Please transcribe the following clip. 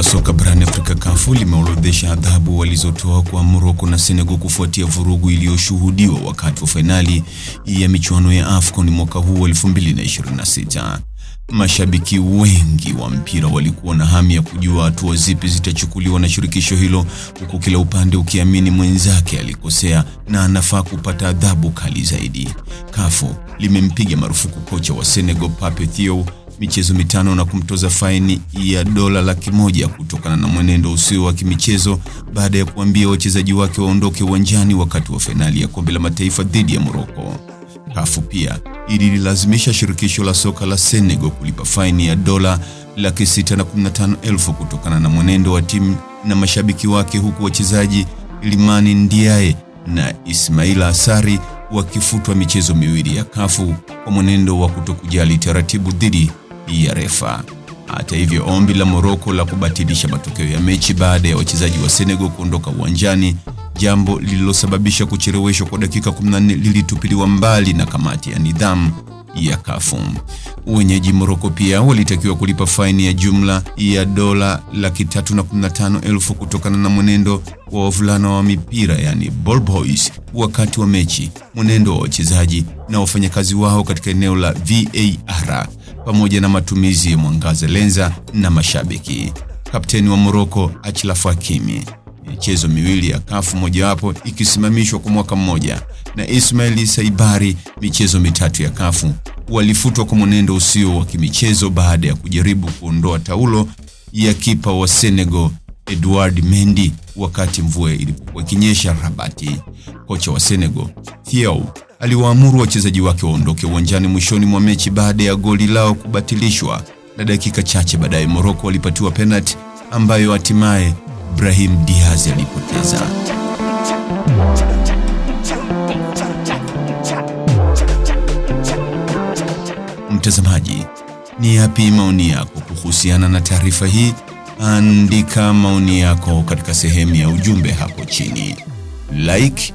la soka barani Afrika kafu limeorodhesha adhabu walizotoa kwa Morocco na Senegal kufuatia vurugu iliyoshuhudiwa wakati wa fainali ya michuano ya AFCON mwaka huu 2026. Mashabiki wengi wa mpira walikuwa na hamu ya kujua hatua zipi zitachukuliwa na shirikisho hilo, huku kila upande ukiamini mwenzake alikosea na anafaa kupata adhabu kali zaidi. kafu limempiga marufuku kocha wa Senegal Pape Thiaw michezo mitano na kumtoza faini ya dola laki moja kutokana na mwenendo usio wa kimichezo baada ya kuambia wachezaji wake waondoke uwanjani wakati wa fainali ya kombe la mataifa dhidi ya Morocco. Kafu pia ililazimisha shirikisho la soka la Senegal kulipa faini ya dola laki sita na kumi na tano elfu kutokana na mwenendo wa timu na mashabiki wake, huku wachezaji Limani Ndiaye na Ismaila Asari wakifutwa michezo miwili ya Kafu kwa mwenendo wa kutokujali taratibu dhidi ya refa. Hata hivyo, ombi la Morocco la kubatilisha matokeo ya mechi baada ya wachezaji wa Senegal kuondoka uwanjani, jambo lililosababisha kucheleweshwa kwa dakika 14, lilitupiliwa mbali na kamati ya nidhamu ya kafu. Wenyeji Morocco pia walitakiwa kulipa faini ya jumla ya dola laki tatu na kumi na tano elfu kutokana na mwenendo wa wavulana wa mipira yani ball boys wakati wa mechi, mwenendo wa wachezaji na wafanyakazi wao katika eneo la VAR pamoja na matumizi ya mwangaza lenza na mashabiki. Kapteni wa Moroko Achraf Hakimi michezo miwili ya kafu mojawapo ikisimamishwa kwa mwaka mmoja, na Ismail Saibari michezo mitatu ya kafu walifutwa kwa mwenendo usio wa kimichezo baada ya kujaribu kuondoa taulo ya kipa wa Senegal Edouard Mendy wakati mvua ilipokuwa ikinyesha Rabati. Kocha wa Senegal Thiaw aliwaamuru wachezaji wake waondoke uwanjani mwishoni mwa mechi baada ya goli lao kubatilishwa, na dakika chache baadaye Morocco walipatiwa penalti ambayo hatimaye Brahim Diaz alipoteza. Mtazamaji, ni yapi maoni yako kuhusiana na taarifa hii? Andika maoni yako katika sehemu ya ujumbe hapo chini. Like,